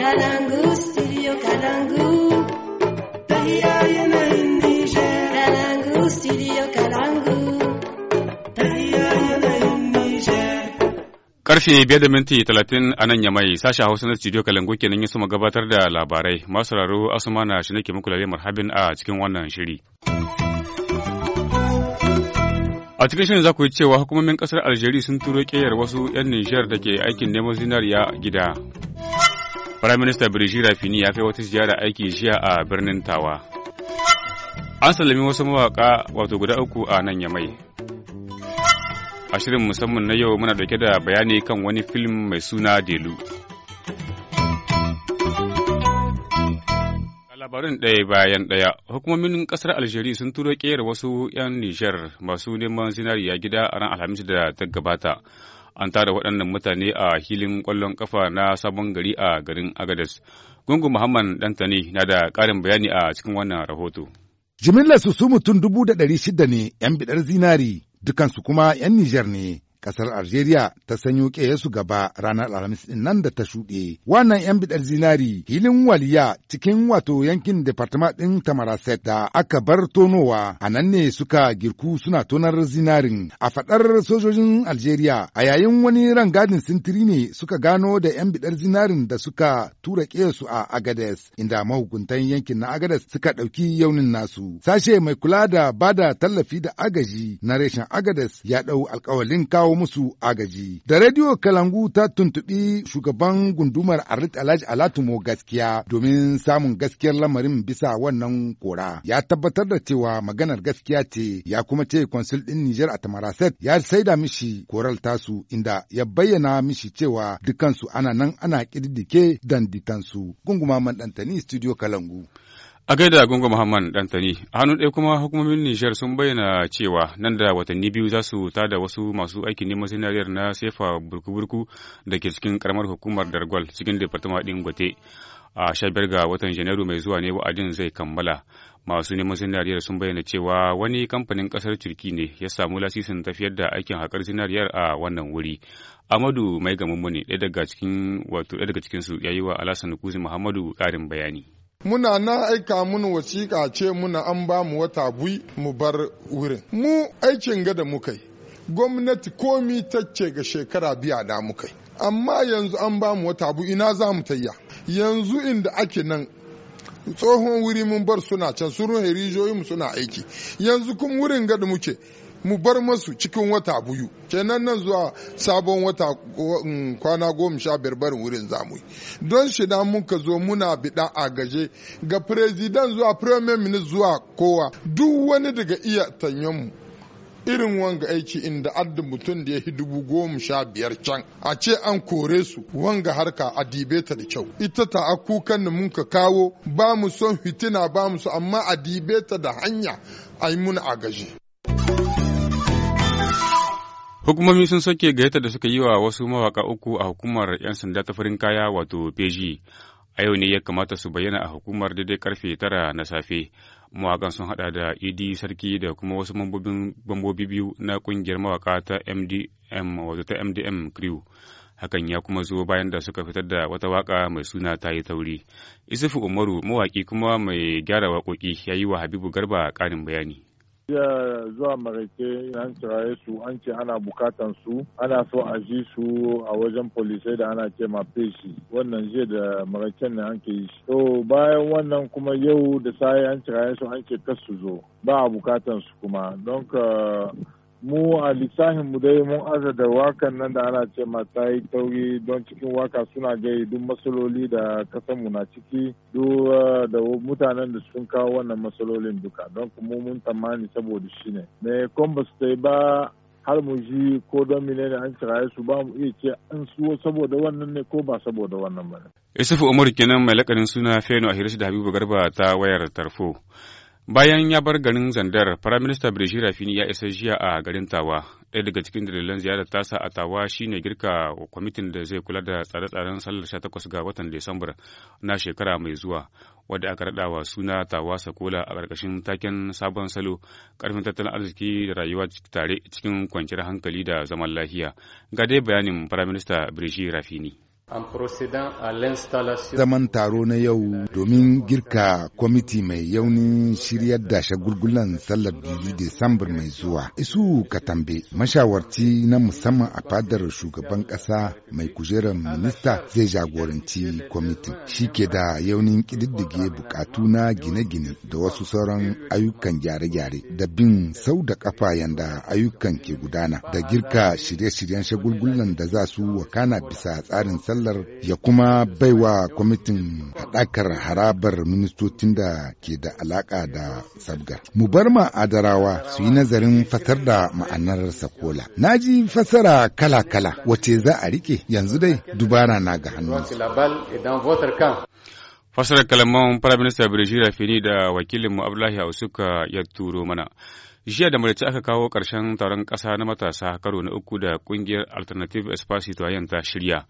Kalangu, studio Karfe biyar da minti talatin a nan yamai sashen Hausa na studio Kalangu kenan ya suma gabatar da labarai. Masu raro Asumana shi nake muku lalle marhabin a cikin wannan shiri. A cikin shirin za ku yi cewa hukumomin kasar Aljeri sun turo ƙeyar wasu 'yan Nijar da ke aikin neman zinariya gida. Firaminista Birji Rafini ya kai wata ziyara aiki jiya a birnin Tawa. An sallami wasu mawaƙa wato guda uku a nan Yamai. A shirin musamman na yau muna dauke da bayani kan wani film mai suna Delu. labarin ɗaya bayan ɗaya hukumomin ƙasar Aljeri sun turo ƙera wasu 'yan nijar masu neman zinariya gida a ran alhamis da ta gabata an tara waɗannan mutane a filin ƙwallon ƙafa na sabon gari a garin agadez gungu muhammad dantani na da ƙarin bayani a cikin wannan rahoto jimillar su mutum dubu da ɗari shida ne 'yan biɗar zinari dukansu kuma 'yan nijar ne Kasar Algeria ta sanyo su gaba ranar Alhamis ɗin nan da ta shuɗe. Wannan 'yan bidar zinari hilin waliya cikin wato yankin Departement ɗin Tamaraset da aka bar tonowa a nan ne suka girku suna tonar zinarin. A faɗar sojojin Algeria a yayin wani rangadin sintiri ne suka gano da 'yan bidar zinarin da suka tura su a Agades inda mahukuntan yankin na Agades suka ɗauki yaunin nasu. Sashe mai kula da bada tallafi da agaji na reshen Agades ya ɗau alkawalin kawo kawo musu agaji. Da rediyo Kalangu ta tuntuɓi shugaban gundumar arit Alhaji Alatumo gaskiya domin samun gaskiyar lamarin bisa wannan kora. Ya tabbatar da cewa maganar gaskiya ce ya kuma ce konsul ɗin Nijar a Tamaraset ya saida mishi koral tasu inda ya bayyana mishi cewa dukansu ana nan ana ƙirdike danditansu. Gunguma Mandantani Studio Kalangu. A gaida gungo Muhammad Dantani, a hannun ɗaya kuma hukumomin Nijar sun bayyana cewa nan da watanni biyu za su da wasu masu aikin neman sinariyar na sefa burku-burku da ke cikin karamar hukumar Dargwal cikin Departama ɗin Gwate. A shabiyar ga watan Janairu mai zuwa ne wa'adin zai kammala. Masu neman sinariyar sun bayyana cewa wani kamfanin ƙasar Turki ne ya samu lasisin tafiyar da aikin haƙar sinariyar a wannan wuri. Amadu Mai Gamummu ne ɗaya daga cikin wato ɗaya daga cikinsu ya yi wa Alasan Kuzi Muhammadu ƙarin bayani. muna na aika mun wasiƙa ce muna an ba mu wata bui mu bar wurin mu aikin gada muka yi gwamnati komi ce ga shekara biya da muka yi amma yanzu an ba mu wata bui ina za mu tayya yanzu inda ake nan tsohon wuri mun bar suna can sun rijiyoyin mu suna aiki yanzu kuma wurin gada muke mu bar masu cikin wata biyu kenan nan zuwa sabon wata um, kwana goma sha biyar barin wurin zamu don shi mun muka zo muna biɗa a gaje ga firezidan zuwa premier minister zuwa kowa duk wani daga iya mu, irin wanga aiki inda adda mutum da ya yi dubu goma sha biyar can a ce an kore su wanga harka a dibe ta da kyau ita ta a kukan da muka kawo ba mu son fitina ba mu so amma a dibe ta da hanya a yi muna a gaje Hukumomi sun soke gayyata da suka yi wa wasu mawaka uku a hukumar 'yan sanda ta farin kaya wato peji. A yau ne ya kamata su bayyana a hukumar daidai karfe tara na safe. Mawakan sun hada da ed Sarki da kuma wasu mambobi biyu na kungiyar mawaka ta MDM wato ta MDM Crew. Hakan ya kuma zo bayan da suka fitar da wata waka mai suna ta yi tauri. Isufu Umaru mawaki kuma mai gyara waƙoƙi ya yi wa Habibu Garba ƙarin bayani. jiya zuwa maraice an kiraye su an ce ana bukatan su ana so a ji su a wajen polisai da ana ce ma feshi wannan jiya da maraicen ne an ke yi shi to bayan wannan kuma yau da sai an kiraye su an ce kas su zo ba a bukatan su kuma don ka mu a lissafin mu dai mun aza da wakan nan da ana ce ta yi tauri don cikin waka suna gai duk matsaloli da kasanmu na ciki duk eh, da mutanen da sun kawo wannan matsalolin duka don kuma mun tamani saboda shi ne me kon ba har mu ji ko don menene an kiraye su ba mu iya ce an suwo saboda wannan ne ko ba saboda wannan ba ne. Yusufu Umar kenan mai lakarin suna Feno a da Habibu Garba ta wayar tarfo. Bayan ya bar garin Zandar, Firaminista Birji Rafini ya isa jiya a garin Tawa. Ɗaya daga cikin dalilan ziyarar tasa a Tawa shine girka kwamitin da zai kula da tsare-tsaren sallar 18 ga watan Disambar na shekara mai zuwa, wadda aka wa suna Tawa Sakola a ƙarƙashin taken sabon salo, ƙarfin tattalin arziki da rayuwa tare cikin kwanciyar hankali da zaman lafiya. Ga dai bayanin Firaminista Birji Rafini. Zaman taro na yau domin girka kwamiti mai yaunin shiryar da shagulgulan sallar biyu Desambar mai zuwa. Isu Katambe, mashawarci na musamman a fadar shugaban ƙasa mai kujerar minista zai jagoranci kwamitin. Shi ke da yaunin ƙididdige bukatu na gine-gine da wasu sauran ayyukan gyare-gyare da bin sau da ƙafa yanda ayyukan ke gudana da girka shirye-shiryen shagulgulan da za su wakana bisa tsarin sallar matsalar ya kuma baiwa kwamitin haɗakar harabar ministocin da ke da alaƙa da sabga Mu bar ma'adarawa adarawa su yi nazarin fatar da ma'anar sakola. Na ji fasara kala-kala wace za a rike yanzu dai dubara na ga hannunsu. Fasarar kalaman Firaminista Birjira Rafini da wakilinmu Abdullahi suka ya turo mana. jiya da marice aka kawo ƙarshen taron ƙasa na matasa karo na uku da ƙungiyar alternative to ta shirya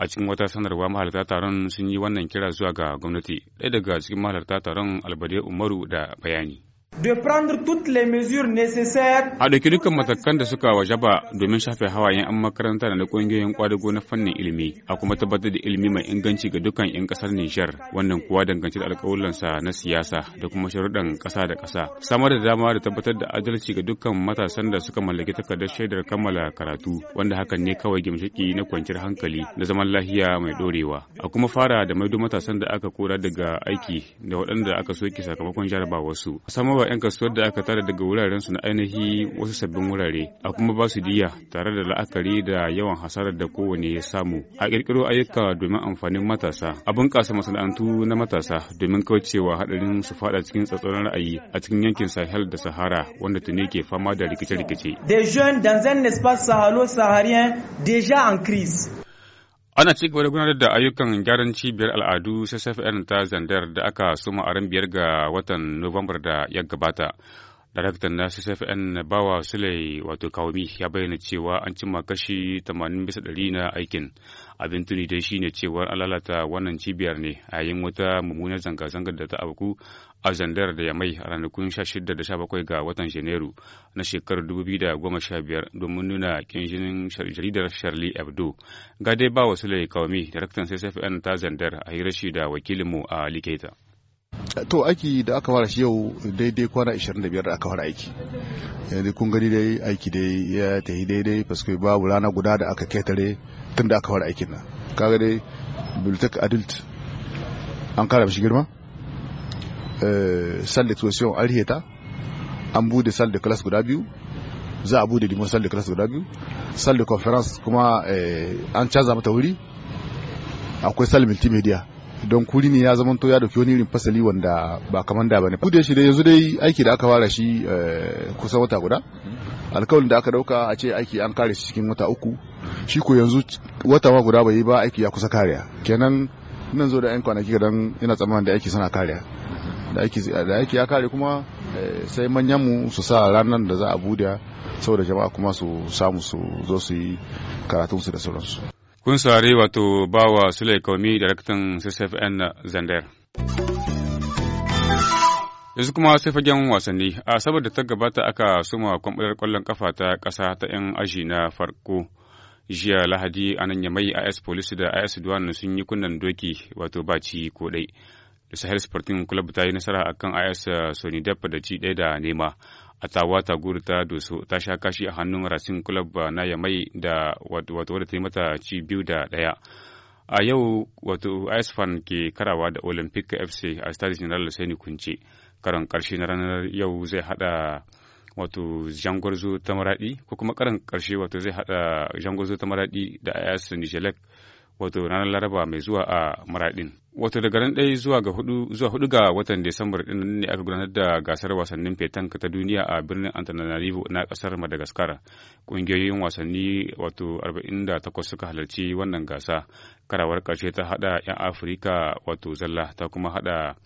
a cikin wata sanarwa mahalarta taron sun yi wannan kira zuwa ga gwamnati ɗaya daga cikin mahalarta taron albade umaru da bayani de toutes les mesures nécessaires. A ɗauki dukkan matakan da suka wajaba domin shafe hawayen 'yan makaranta da na ƙungiyoyin ƙwadago na fannin ilimi, a kuma tabbatar da ilimi mai inganci ga dukkan 'yan kasar Nijar, wannan kuwa dangance da alƙawullansa na siyasa da kuma sharuɗan ƙasa da ƙasa. Samar da dama da tabbatar da adalci ga dukkan matasan da suka mallaki takardar shaidar kammala karatu, wanda hakan ne kawai gimshiki na kwanciyar hankali da zaman lafiya mai ɗorewa. A kuma fara da maido matasan da aka kora daga aiki da waɗanda aka soke sakamakon jarabawarsu. Samar raba 'yan kasuwar da aka tara daga wuraren su na ainihi wasu sabbin wurare a kuma ba su diya tare da la'akari da yawan hasarar da kowane ya samu a ƙirƙiro ayyuka domin amfanin matasa a bunkasa masana'antu na matasa domin kaucewa haɗarin su faɗa cikin tsatsauran ra'ayi a cikin yankin sahel da sahara wanda tuni ke fama da rikice-rikice. jeunes Ana ci gaba da gudanar da ayyukan gyaran cibiyar al'adu CCFN ta zandar da aka suma a ran biyar ga watan Nuwambar da ya gabata. daraktan na ccfn bawa sule wato kawami ya bayyana cewa an cimma kashi 80 na aikin abin tuni dai shine cewa an lalata wannan cibiyar ne a yayin wata mummunar zanga-zangar da ta auku a zandar da ya mai ranakun 16 da 17 ga watan janairu na shekarar 2015 domin nuna kinjinin jaridar sharli ebdo ga dai bawa sule kawami daraktan ccfn ta zandar a hirashi da wakilinmu a likita. to aiki da aka fara shi yau daidai kwana 25 da aka fara aiki yanzu kun gani dai aiki dai ya yi daidai paske babu rana guda da aka ketare tun da aka fara aikin nan kaga dai bibliotheque adult an kara mishi girma eh, sal da tuwasiyon arheta an bude sal da class guda biyu za a bude limon sal da class guda biyu sal da conference kuma eh, an canza mata wuri akwai sal multimedia don kuri ne ya zamanto ya dauki wani irin fasali wanda ba kamar da bane ne da shi da yanzu dai aiki da aka fara shi eh, kusan wata guda alkawalin da aka dauka a ce aiki an kare shi cikin wata uku shi ko yanzu wata ma guda bai yi ba aiki ya kusa kariya kenan nan zo da yan kwanaki dan yana tsammanin da aiki suna kariya da aiki da aiki ya kare kuma eh, sai manyan mu su sa ranar da za a buɗe saboda jama'a kuma su samu su zo su yi karatunsu da sauransu Kun sare wato bawa Sule Kaumi daraktan CCFN zander. yanzu kuma sai fagen wasanni a saboda ta gabata aka suma kwamfutar kwallon kafa ta ƙasa ta 'yan aji na farko jiya lahadi a nan yamai is police da is duwan sun yi kunnan doki wato baci ko dai da sahel sporting club ta yi nasara akan is sonidep da ci ɗaya da nema tawa ta guri ta doso ta sha kashi a hannun rasin club na yamai da wato wadda ta yi mata ci biyu da ɗaya a yau wato isfan ke karawa da olympic fc a stade general Hussaini kunce karon karshe na ranar yau zai hada wato jangwarzo ta maradi ko kuma karon karshe wato zai hada jangwarzo ta maradi da as nijelek wato ranar laraba mai zuwa a maradin wato daga ran ɗaya zuwa ga hudu zuwa hudu ga watan desambar ɗin ne aka gudanar da gasar wasannin petanka ta duniya a birnin antananarivo na kasar madagascar ƙungiyoyin wasanni wato takwas suka halarci wannan gasa karawar karshe ta haɗa 'yan afirka wato zalla ta kuma haɗa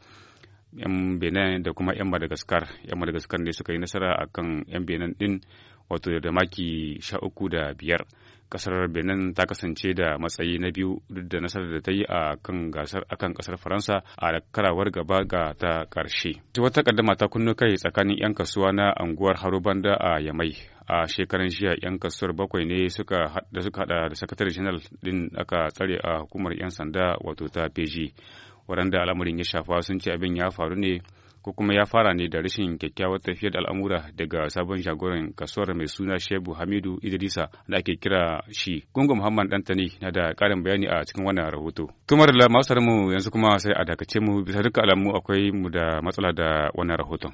'yan benin da kuma 'yan madagascar 'yan madagascar ne suka yi nasara akan 'yan benin ɗin wato da maki sha uku da biyar kasar benin ta kasance da matsayi na biyu duk da nasarar da ta yi a kan gasar akan kasar faransa a karawar gaba ga ta karshe wata kaddama ta kunno kai tsakanin 'yan kasuwa na anguwar harubanda a yamai a shekaran jiya 'yan kasuwar bakwai ne da suka hada da sakatare janar din aka tsare a hukumar 'yan sanda wato ta peji waɗanda al'amarin ya shafa sun ce abin ya faru ne ko kuma ya fara ne da rashin kyakkyawar tafiyar da al'amura daga sabon jagoran kasuwar mai suna Shebu Hamidu Idrisa da ake kira shi. Gungun Muhammad Dantani na da karin bayani a cikin wannan rahoto. Tumar da masu mu yanzu kuma sai a dakace mu bisa duka alamu akwai mu da matsala da wannan rahoton.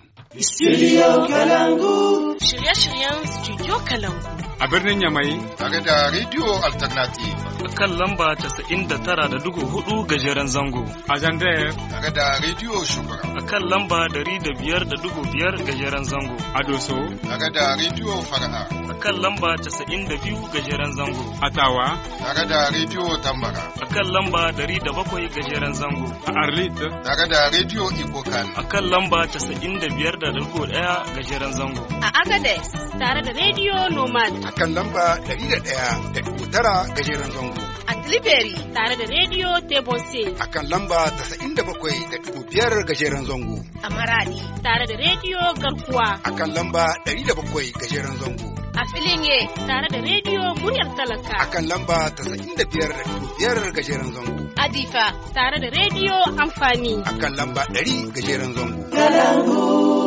Shirye-shiryen Radio Kalangu. A birnin Yamai. Tare da Radio Alternative. Kan lamba casa'in da tara da dugu hudu gajeren zango. A Zandaya. Tare da Radio Shugura. A kan lamba dari da biyar da dugu biyar gajeren zango. A Doso. Tare da Radio Fara'a. A kan lamba casa'in da biyu gajeren zango. A Tawa. Tare da Radio Tambara. A kan lamba dari da bakwai gajeren zango. A Arlit. Tare da Radio Ikokan. A kan lamba casa'in da biyar da dugu daya gajeren zango. A Agades. Tare da Radio Radio Nomad. A kan lamba 101.9 gajeren zango. A Tilibiri tare da Radio Debonse. A kan lamba 97.5 gajeren zango. A Maradi tare da Radio Garkuwa. A kan lamba 107 gajeren zango. A Filinge tare da Radio Muryar Talaka. A kan lamba 95.5 gajeren zango. A Difa tare da Radio Amfani. A kan lamba 100 gajeren zango. Kalangu.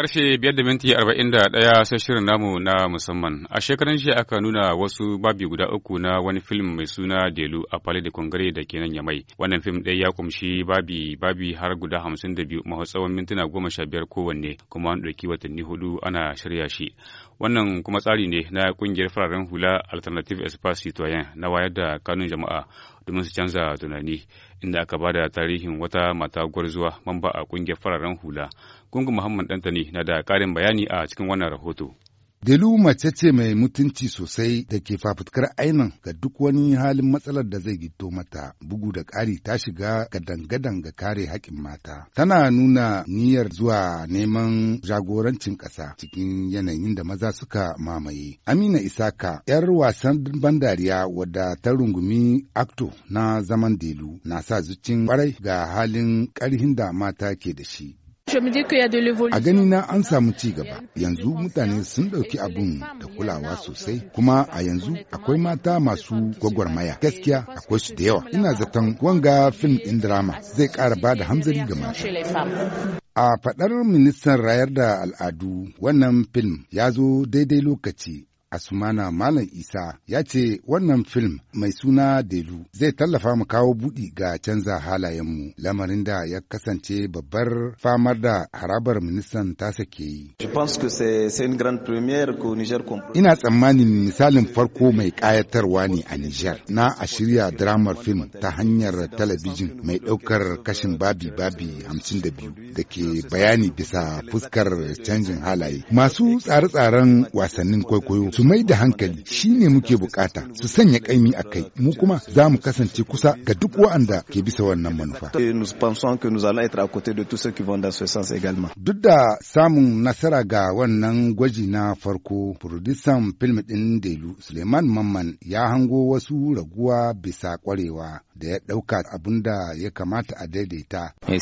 Karshe biyar da minti arba'in da ɗaya sai shirin namu na musamman. A shekaran jiya aka nuna wasu babi guda uku na wani film mai suna Delu a Palais de Congrès da ke nan Yamai. Wannan film ɗaya ya kumshi babi babi har guda hamsin da biyu maho tsawon mintuna goma sha biyar kowanne kuma an ɗauki watanni hudu ana shirya shi. Wannan kuma tsari ne na ƙungiyar fararen hula Alternative Espace Citoyen na wayar da kanun jama'a domin su canza tunani. inda aka ba da tarihin wata mata gwarzuwa mamba a ƙungiyar fararen hula. Gungun Muhammad Dantani na da ƙarin bayani a cikin wannan rahoto. Delu mace ce mai mutunci sosai da ke fafutukar ainan ga duk wani halin matsalar da zai gito mata bugu da ƙari ta shiga ga dangadan ga kare haƙƙin mata. Tana nuna niyyar zuwa neman jagorancin ƙasa cikin yanayin da maza suka mamaye. Amina Isaka, 'yar wasan bandariya wadda ta rungumi akto na zaman Delu na sa zucin ƙwarai ga halin ƙarhin da mata ke da shi. A gani na an samu ci gaba. Yanzu mutane sun ɗauki abun da kulawa sosai kuma a yanzu akwai mata masu gwagwarmaya. Gaskiya akwai su da yawa. Ina zaton wanga fim ɗin drama zai ƙara ba da hanzari ga mata. A faɗar ministan rayar da al'adu wannan fim ya zo daidai lokaci Asumana Malam Isa ya ce wannan film mai suna Delu zai tallafa mu kawo buɗi ga canza halayenmu lamarin da ya kasance babbar famar da harabar ministan ta sake yi. Ina tsammanin misalin farko mai ƙayatarwa ne a Nijar na a shirya dramar film ta hanyar talabijin mai ɗaukar kashin babi-babi 52 da ke bayani bisa fuskar canjin halaye. Masu tsare-tsaren wasannin kwaikwayo su mai da hankali shine muke bukata su sanya kaimi a kai mu kuma za mu kasance kusa ga duk waɗanda ke bisa wannan manufa. Duk da samun nasara ga wannan gwaji na farko, furudisan film ɗin Delu Suleiman Mamman ya hango wasu raguwa bisa ƙwarewa. da ya ɗauka abin da ya kamata a daidaita. Eh,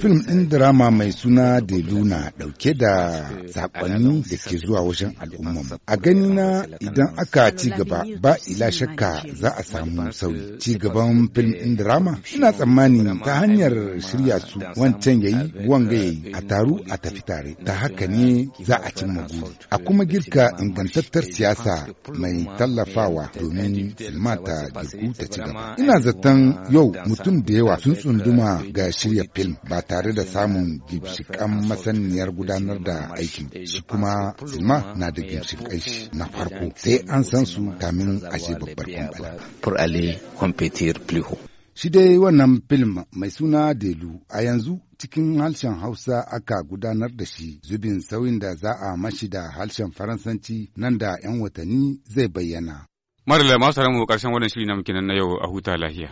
film ɗin drama mai suna Delu na ɗauke da saƙonni da ke zuwa wajen al'umma. A gani na idan aka ci gaba ba ila shakka za a samu sauyi. Ci gaban film ɗin drama ina tsammani ta hanyar shirya su wancan yi wanga ya yi. a taru a tafi tare. Ta haka ne za a cimma guri. A kuma girka ingantattar siyasa mai tallafawa domin filma ta girku ta ci gaba. Ina zaton yau mutum da yawa sun tsunduma ga shirya film ba tare da samun gimshikan masaniyar gudanar da aikin shi kuma zuma na da gimshikai shi na farko sai an san su kamin a shi babbar pliho. Shi dai wannan film mai suna Delu a yanzu cikin harshen Hausa aka gudanar da shi zubin sauyin da za a mashi da harshen Faransanci nan da 'yan watanni zai bayyana. Mara masu mu karshen wannan shiri na muke na yau a huta lahiya.